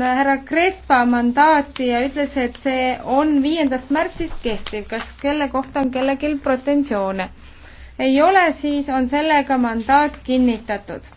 härra Krespa mandaati ja ütles, et see on viiendast märtsist kehtiv. kas selle kohta on kellelgi pretensioone? ei ole, siis on sellega mandaat kinnitatud